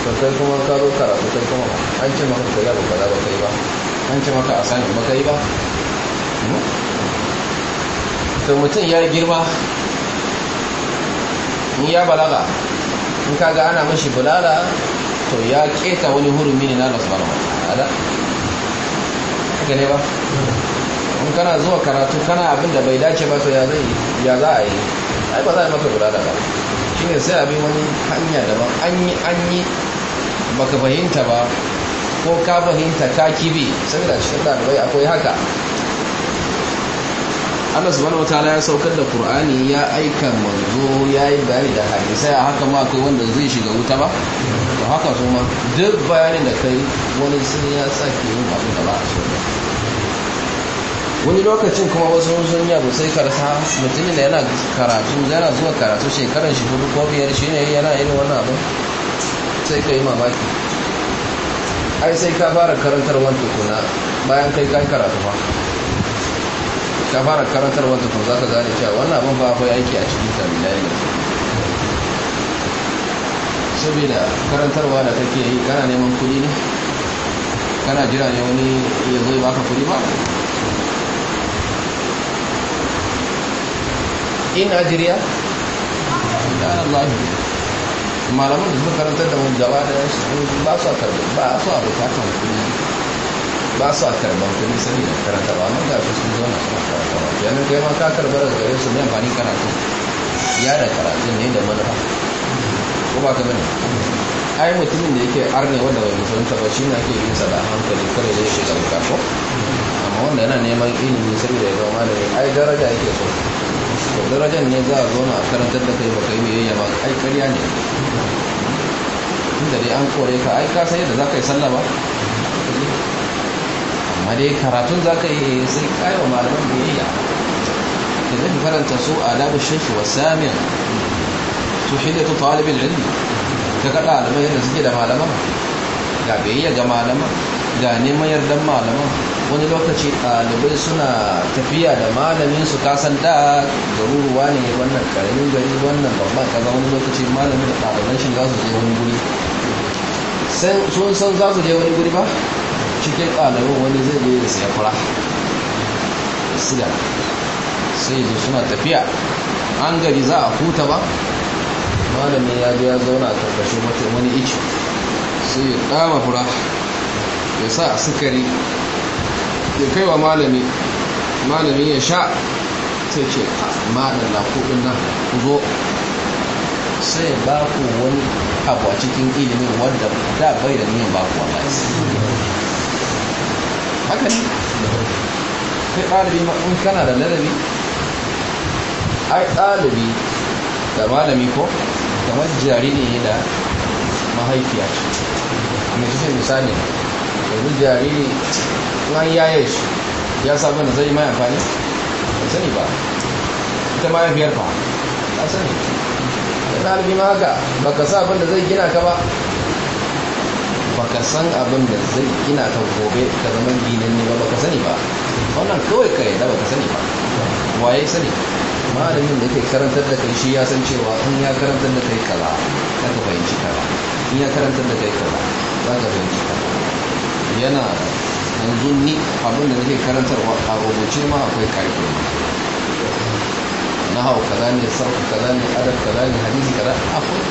to kai kuma ka zo karatu kai kuma an ce maka ka yaro kaza ba kai ba an ce maka a sani ba yi ba hmm? to mutum ya girma in ya balaga in kaga ana mashi bulala to ya keta wani hurumi ne na Allah subhanahu wataala haka ne ba in kana zuwa karatu kana abin da bai dace ba to ya zai ya za a yi ai ba za a yi maka bulala ba shi ne sai abin wani hanya daban an yi an yi baka fahimta ba ko ka fahimta ka kibi saboda shi da akwai haka Allah subhanahu wataala ya saukar da Qur'ani ya aika manzo ya yi bayani da hadisai haka ma akwai wanda zai shiga wuta ba to haka kuma duk bayanin da kai wani sun ya sake yin abu da ba a so wani lokacin kuma wasu sun yabo sai karsa mutumin da yana karatu yana zuwa karatu shekaran shi hudu ko biyar shi ne yana irin wannan abin sai ka yi mamaki ai sai ka fara karantar wani tukuna bayan kai kai karatu ba ka fara karantar wata to za ka gane cewa wannan abin ba akwai aiki a cikin tabilai ne saboda karantarwa da kake yi kana neman kuɗi ne kana jira ne wani ya zai baka kuɗi ba in ajiriya da Allah malamin da suka karantar da mu gaba da ba su a bukatar kuɗi ba su a karban kudi sani da karanta ba nan gafi sun na suna karanta ba kenan kai ma ka karbar da gare su ne amfani karatu ya da karatu ne da manufa ko ba ka bane ai mutumin da yake arne wanda bai musulunta ba shine ake yin sa da hankali kare zai shiga da ko amma wanda yana neman ilimi saboda ya zama da ai daraja yake so to darajar ne za a zauna a karantar da kai ba kai biyayya ba ai ƙarya ne da dai an kore ka ai ka sai da za ka yi sallah ba amma dai karatun za ka yi sai kayo malamin biyayya da zai karanta su a labar shafi wa samin su shi da tuta halibin ilmi ka ga ɗalibai yadda suke da malaman ga biyayya ga malaman ga neman yardan malaman wani lokaci ɗalibai suna tafiya da malamin su kasan da garuruwa ne wannan karamin gari wannan babban kaza wani lokaci malamin da ɗaliban shi za su je wani guri sun san za su je wani guri ba cikin ɗalibin wani zai je da siya fura da sida sai zo suna tafiya an gari za a huta ba malamin ya zo ya zauna a ƙarƙashin wata wani ice sai ya kama fura ya sa a sukari ya kai wa malami Malami ya sha sai ce madalla kuɗin nan ku zo sai ya ba ku wani abu a cikin ilimin wadda da bai da ba ku ba haka ne sai ɗalibi in kana da ladabi ai ɗalibi da malami ko kamar jariri ne da mahaifiya ce mai shi misali yanzu jariri tunan yaya shi ya sabu na zai mai amfani ba sani ba ita mahaifiyar fa Ya sani da ɗalibi ma haka baka sa abin da zai gina ka ba baka san abin da zai ina ta gobe ka zama ginin ne ba baka sani ba wannan kawai ka yadda baka sani ba waye sani malamin da ke karantar da kai shi ya san cewa in ya karantar da kai kaza za ka fahimci kaza in ya karantar da kai kaza za ka fahimci kaza yana yanzu ni abin da nake karantarwa a rubuce ma akwai karfi na hau kaza ne sarku kaza ne adab kaza ne hadisi kaza akwai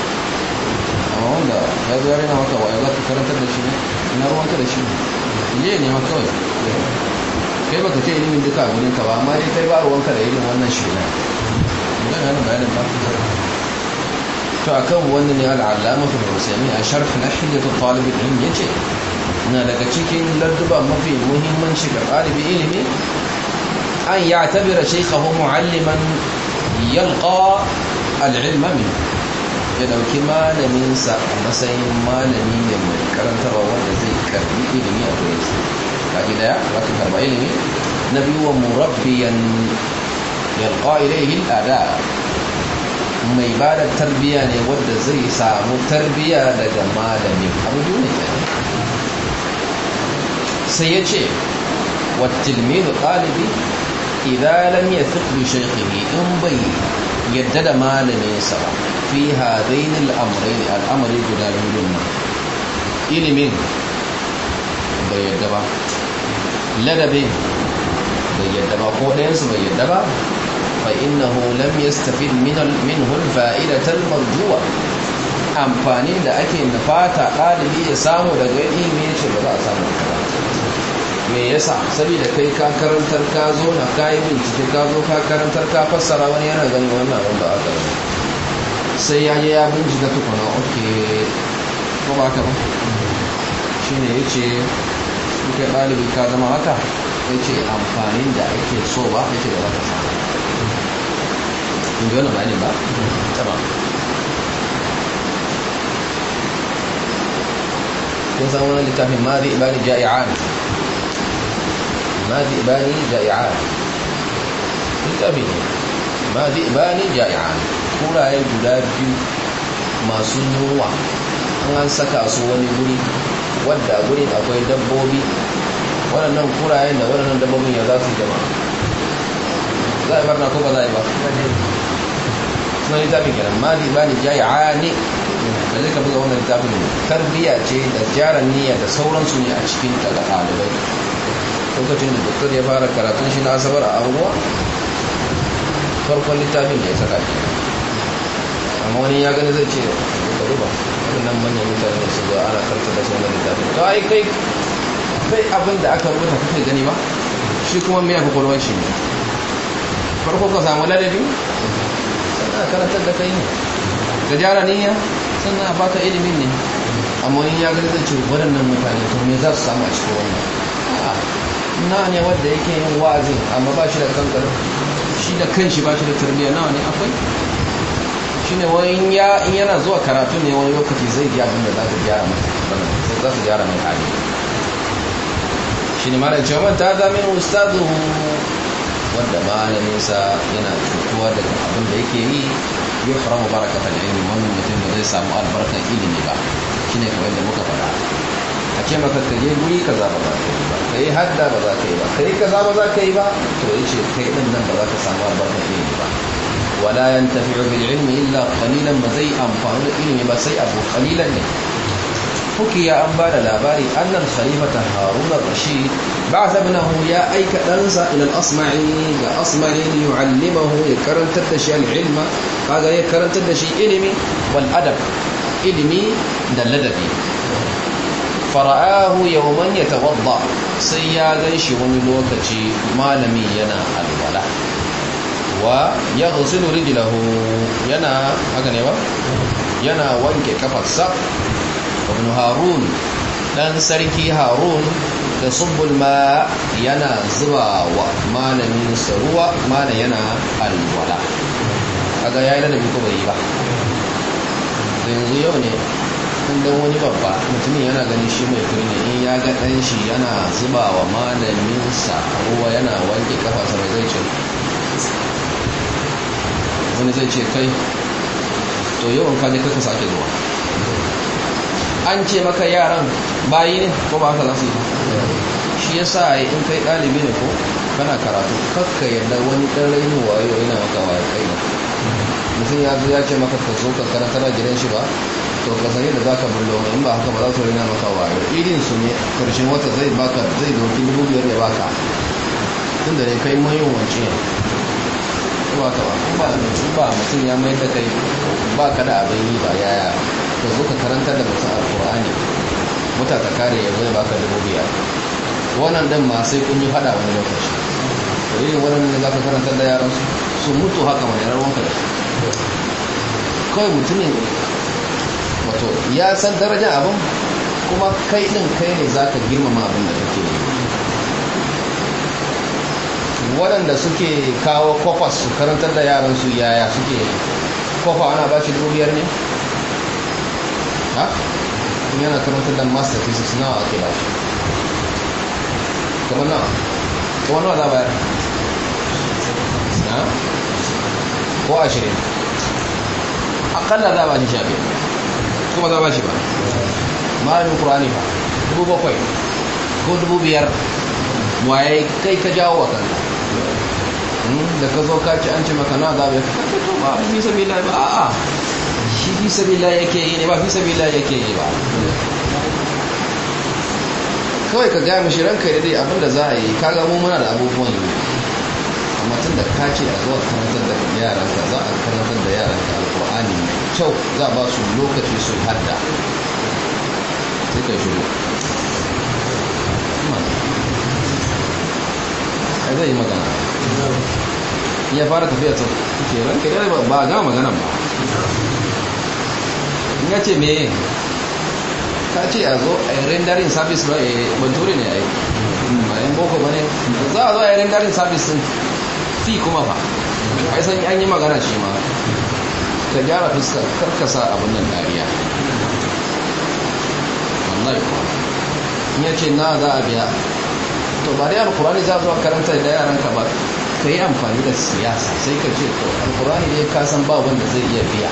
amma wanda ya zo yana maka wa za ka karantar da shi ne ina ruwanka da shi ne je ne ma kawai kai baka ce ilimin duka a ka ba amma dai kai ba ruwanka da irin wannan shi ne idan yana bayanin ba ka to akan wannan ne al'allama fi rusami a sharh na hilyatu talib ilm yace na daga cikin larduba mafi muhimmanci ga ɗalibin ilimi an ya tabira shaykhahu mualliman yalqa al'ilma minhu ya dauki malaminsa a matsayin malami ne mai karantarwa wanda zai karbi ilimi a gurin su gida daya za karba ilimi na biyu wa murabbiyan yalqa ilayhi al'ada mai ba da tarbiya ne wadda zai samu tarbiya daga malami abu biyu ne sai ya ce wa tilmidu ɗalibi idan lam yathiq bi shaykhihi in bai yadda da malaminsa ba fi hadain al'amrai ne al'amari guda biyu ne ilimin bai yadda ba ladabi bai yadda ba ko ɗayansu bai yadda ba fa innahu lam yastafid min minhu al-fa'idatan marjuwa amfani da ake nufata dalibi ya samu daga ilimi ya ce ba za a samu me yasa saboda kai ka karantar ka zo na kayi bincike ka zo ka karantar ka fassara wani yana ganin wannan abin ba aka yi sai ya je ya bincika tukuna oke ko ba ka ba shi ne ya ce kai ɗalibi ka zama haka ya ce amfanin da ake so ba ya ce da wata sa inda wani bayani ba? taba kun samu wani littafin mazi ibani ja'i'an mazi ibani ja'i'an littafi ne mazi ibani ja'i'an kuraye guda biyu masu yiwuwa an saka su wani guri wadda guri akwai dabbobi waɗannan kurayen da waɗannan dabbobin ya za su jama za a barna ko ba za a yi ba suna littafin kenan ma ni ba ni jayi ne da zai ka buga wannan littafin ne tarbiyya ce da jaran niyya da sauransu ne a cikin ɗalibai lokacin da doktor ya fara karatun shi na asabar a anguwa farkon littafin da ya saka kenan amma wani ya gani zai ce bari ba wannan manyan mutane da su zo ana karta da su wannan tafi. to ai kai kai abin da aka rubuta kake gani ba shi kuma me aka kwalwan shi ne farko ka samu ladabi sannan a karanta da kai ne ka gyara niyya sannan a baka ilimi ne amma wani ya gani zai ce waɗannan mutane to me za su samu a cikin wannan na ne wanda yake yin wa'azin amma ba shi da kankan shi da kan shi ba shi da tarbiyya nawa ne akwai shine wani in yana zuwa karatu ne wani lokaci zai ji abin da za su gyara mai za ta gyara mai hali shine malam cewa ta zama min ustaduhu wanda malaminsa yana cutuwa daga abin da yake yi yi haramu barakatar ilimi wani mutum da zai samu albarka ilimi ba shine kamar da muka faɗa a ce maka ka je ka kaza ba za ka yi ba ka yi hadda ba za ka yi ba ka yi kaza ba za ka yi ba to ya ce kai ɗin nan ba za ka samu albarkar ilimi ba wala yantafi'u bil ilmi illa qalilan ba zai amfani da ilimi ba sai abu qalilan ne ya an ba da labari annan khalifata haruna ar-rashid ba'atha ibnahu ya aika ɗansa ila al-asma'i ga asma'i ya karantar da shi ya karantar da shi ilimi wal adab ilimi da ladabi fara'ahu yawman tawadda sai ya gan shi wani lokaci malami yana alwala wa ya husilu rijilahu yana haka ne ba yana wanke kafarsa ibn harun dan sarki harun da subbul ma yana zuba wa malamin saruwa mana yana alwala kaga yayi da biko bai ba yanzu yau ne dan wani babba mutumin yana gani shi mai kuri in ya ga dan shi yana zuba wa malamin sa ruwa yana wanke kafa sa zai ce wani zai ce kai to yawan kaje kai ka sake zuwa an ce maka yaran bayi ne ko ba haka za su yi shi ya sa in kai ɗalibi ne ko kana karatu kakka yadda wani ɗan rainu wayo yana maka wayo kai ba mutum ya zo ya ce maka ka zo ka karanta na gidan shi ba to ka sani da za ka bullo mai in ba haka ba za su rina maka wayo irin su ne karshen wata zai baka zai doki dubu biyar ya baka tun da ne kai mai yawanci ne kuma ka ba da ba mutum ya mai da kai ba ka da abin yi ba yaya ka zo ka karanta da mutum alkur'ani muta ta kare ya zai baka dubu biyar wannan dan ma sai kun yi fada wani lokaci da irin wannan ne za ka karanta da yaran su su mutu haka mai yaran wanka da su kawai mutumin wato ya san darajar abin kuma kai din kai ne za ka girmama abin da kake yi waɗanda suke kawo kwafas su karantar da yaran su yaya suke kofa ana ba shi biyar ne ha yana karantar da master physics nawa ake ba shi kamar nawa kuma nawa za bayar na ko ashirin akalla za ba shi shafi kuma za ba shi ba malamin kur'ani ba dubu bakwai ko dubu biyar waye kai ka jawo wa kanka Hmm, da ka zo kaci an ce maka na da bai ka ce to ba fi sabila ba a'a shi fi sabila yake yi ne ba fi lai yake yi ba kawai ka gaya mishi ranka da dai abinda za a yi ka gamo mana da abubuwan yi amma tun da ka ce a zuwa karantar da yaranka za a karantar da yaranka alkur'ani mai kyau za ba su lokaci su hadda sai ka shigo zai yi magana ya fara tafiya ta kenan kenan ba a gama maganan ba in ya ce me ka ce a zo a yi rendering service ba eh, banture ne a yi bayan boko ba ne za a zo a yi rendering service sun fi kuma ba a yi sanyi an yi magana shi ma ka gyara fuskar karkasa abin nan dariya wallahi yi kuma. ya ce na za a biya to ba dai kurani za a zo a karanta da yaran ka ba ka yi amfani da siyasa sai ka ce to alkurani dai ka san ba wanda zai iya biya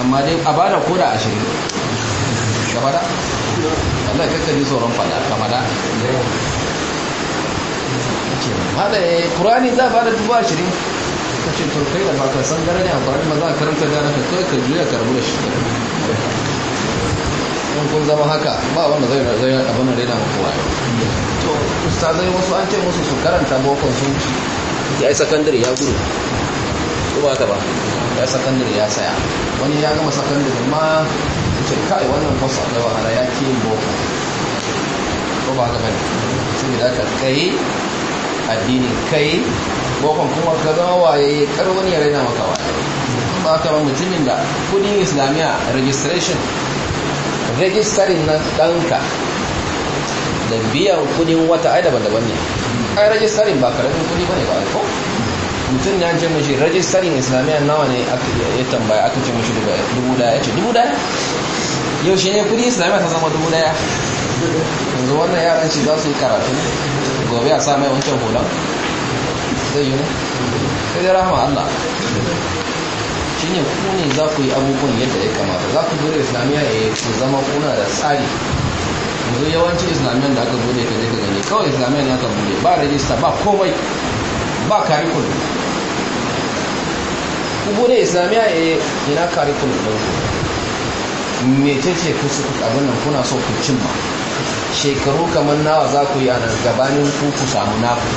amma dai a bada koda ashirin ka fada Allah kakka ji tsoron fada ka fada ce hada ya kurani eh, za a bada dubu ashirin ka ce to kai da ba ka san gara ne amfani ma za a karanta gane ka kawai ka juya karbu da shi ɗan kun zama haka ba wanda zai abin da daina makowa yau to ustazai wasu an ce musu su karanta bokon sun ci ya yi sakandare ya gudu ko ba ta ba ya sakandare ya saya wani ya gama sakandare ma ya ce kai wannan kwasa da wahala ya ke bokon ko ba gaba ne su da ka kai addini kai bokon kuma ka zama waye kar wani ya raina maka waye ba ka ba mutumin da kudin islamiyya registration registering na ɗanka da biyan kudin wata ai daban-daban ne ai rajistarin ba karamin kudi ba ne ba ko mutum ya ce mashi rajistarin islamiyya nawa ne ya tambaya aka ce mashi dubu daya ya ce dubu daya yau shi ne kudi islamiyya ta zama dubu daya yanzu wannan yaran shi za su yi karatu gobe a sa mai wancan hulan zai yi ne sai da rahama allah shi ne ku ne za ku yi abubuwan yadda ya kamata za ku dole islamiyya ya yi zama kuna da tsari yanzu yawanci islamiyan da aka bude ka je ka gani kawai islamiyan aka bude ba rajista ba komai ba curriculum ku bude ya yi ina curriculum ɗin ku mecece ku su abin nan kuna so ku cimma shekaru kamar nawa za ku yi a nan gabanin ku ku samu naku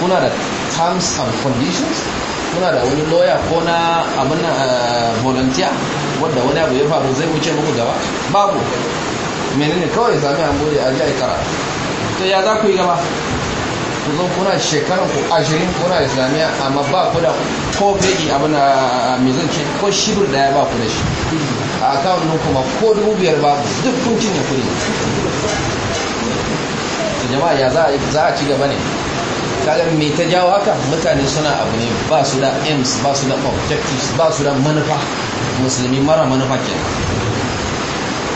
kuna da terms and conditions kuna da wani lawyer ko na abin eh, volunteer wadda wani abu ya faru zai wuce muku gaba babu menene kawai zami an bude a ji a kara to ya za ku yi gaba ku zo kuna shekaran ku ashirin kuna islamiyya amma ba ku da ko fegi abin na mizan ce ko shibir daya ba ku da shi a akawun nan kuma ko dubu biyar ba duk kun cinye kuɗi jama'a ya za a ci gaba ne kagar me ta jawo haka mutane suna abu ne ba su da aims ba su da objectives ba su da manufa musulmi mara manufa kenan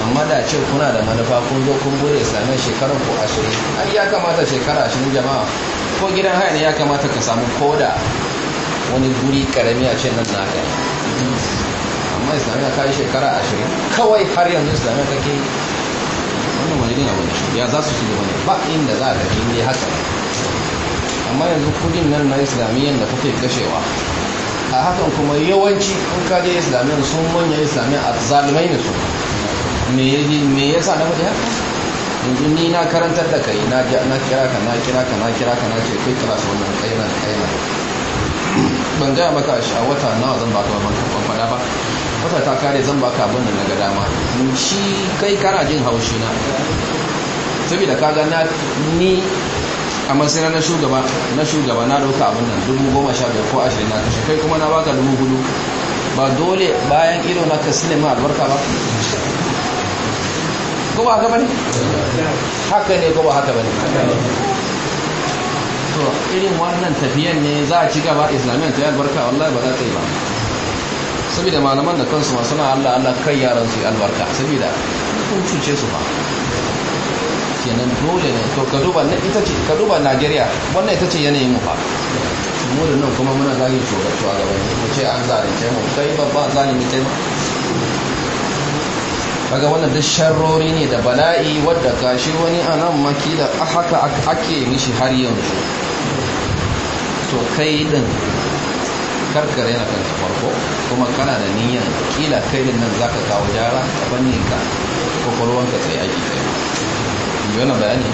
amma da ce kuna da manufa kun zo kun bude islamiyya shekarar ko ashirin ai ya kamata shekara ashirin jama'a ko gidan haini ne ya kamata ka samu koda wani guri karami a ce nan na haya amma islamiyya ka yi shekara ashirin kawai har yanzu islamiyya kake yi wannan majalin abu ne ya za su ci gaba ba inda za ka jini haka amma yanzu kudin nan na yadda da kuke kashewa a hakan kuma yawanci in je islamiyyar sun manya islamiyyar a zalimai ne su me yasa na faɗi haka yanzu ni na karantar da kai na kira ka na kira ka na kira ka na ce kai kira su na kaina kaina ban gaya maka a wata nawa zan baka ban kan faɗa ba wata ta kare zan baka abin da na ga dama shi kai kana jin haushi na saboda kaga na ni a matsayin na shugaba na shugaba na dauka abin nan dubu goma sha biyar ko ashirin na kashe kai kuma na baka dubu hudu ba dole bayan ido na ka sinima albarka ba ko ba haka bane haka ne ko ba haka bane to irin wannan tafiyan ne za a ci gaba islamiyyar ta yi albarka wallahi ba za ta yi ba saboda malaman da kansu masu na Allah Allah kai yaran su albarka saboda kun cuce su ba kenan dole ne to ka duba na ita ce ka duba Najeriya wannan ita ce yanayin mu fa mu da nan kuma muna zagin shugaba ne mu ce an zalunce mu kai babba zalimi kai ba kaga wannan duk sharrori ne da bala'i wadda gashi wani a nan maki da haka ake mishi har yanzu to kai din karkar yana kanta farko kuma kana da niyyar kila kai din nan zaka kawo gyara a fannin ka ko ka tsaye ake kai yi bayani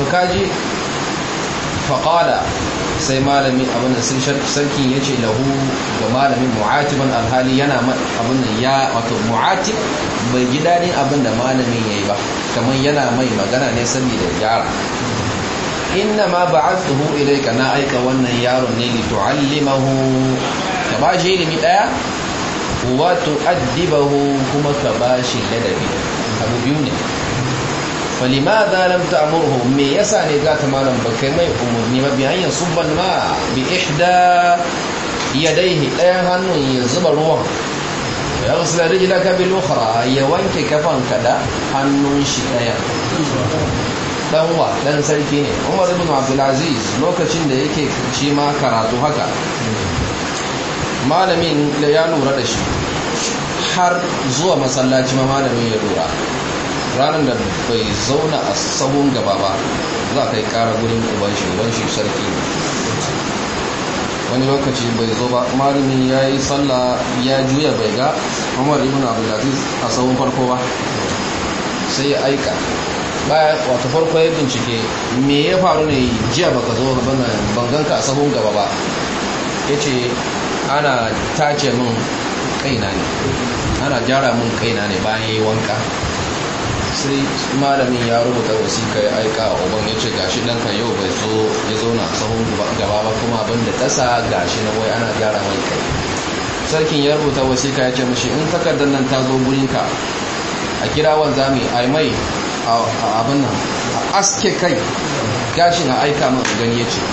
to kaji faƙala sai malami abin da sarki ya ce lahu ga malamin mu'atiban alhali yana abin ya wato mu'atib bai gida ne abin malamin ya yi ba kamar yana mai magana ne sabida gyara inna ma ba'athuhu ka na aika wannan yaron ne li mahu ka ba shi ilimi daya wa addibahu kuma ka ba shi ladabi abu biyu ne falimada lam ta'murhu me yasa ne za ta malam bakai mai umurni ba bi hanyar subban ma bi ihda yadayhi ɗayan hannun ya zuba ruwan ya rusu da rigi da kabil ukhra ya wanke kafan kada hannun shi ɗaya Ɗan wa dan sarki ne umar ibn abdul aziz lokacin da yake ci ma karatu haka malamin da ya lura da shi har zuwa masallaci ma malamin ya lura ranar da bai zauna a sabon gaba ba za ka yi kara gudun ubanshi ubanshi sarki wani lokaci bai zo ba malami ya yi sallah ya juya bai ga umar ibn abdulaziz a sabon farko ba sai ya aika baya wata farko ya bincike me ya faru ne jiya baka zo banganka a sabon gaba ba ya ce ana tace min kaina ne ana jara min kaina ne bayan yi wanka sai malamin ya rubuta wasiƙa ya aika a uban ya ce gashi nan kan yau bai zo ya na sahun gaba ba kuma abin da tasa gashi na wai ana gyara mai kai sarkin ya rubuta wasiƙa ya ce mashi in takardar nan ta zo gurinka a kira wanzami a mai a abin nan a aske kai gashin a aika mai gani ya ce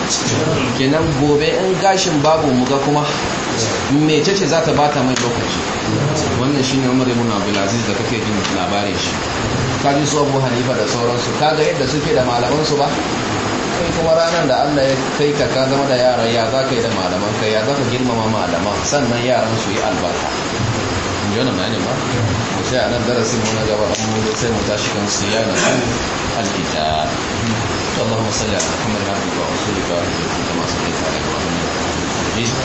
kenan gobe in gashin babu muga kuma mecece za ta bata mai lokaci wannan shine Umar ibn Abdul Aziz da kake jin labarin shi kaji su Abu Hanifa da sauransu kaga yadda suke da malaman su ba kai kuma ranar da Allah ya kai ka ka zama da yaran ya za ka yi da malaman kai ya za ka girmama malaman sannan yaran su yi albarka in ji wannan ba mu sai a nan darasin mu na gaba an mu sai mu tashi kan su ya na su alkitab اللهم صل على محمد عبدك ورسولك وعلى الرجيم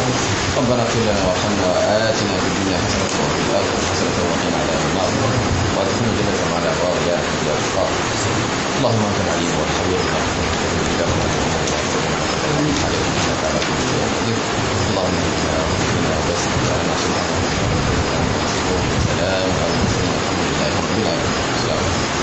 ربنا اغفر لنا وارحمنا واتنا في الدنيا حسنه وفي الاخره حسنه وقنا عذاب النار وادخلنا الجنه مع الابرار يا يا الابرار اللهم انت العليم والخبير بما اللهم اهدنا واهدنا ويسر لنا سبحانك وتعالى سلام على المرسلين والحمد لله رب العالمين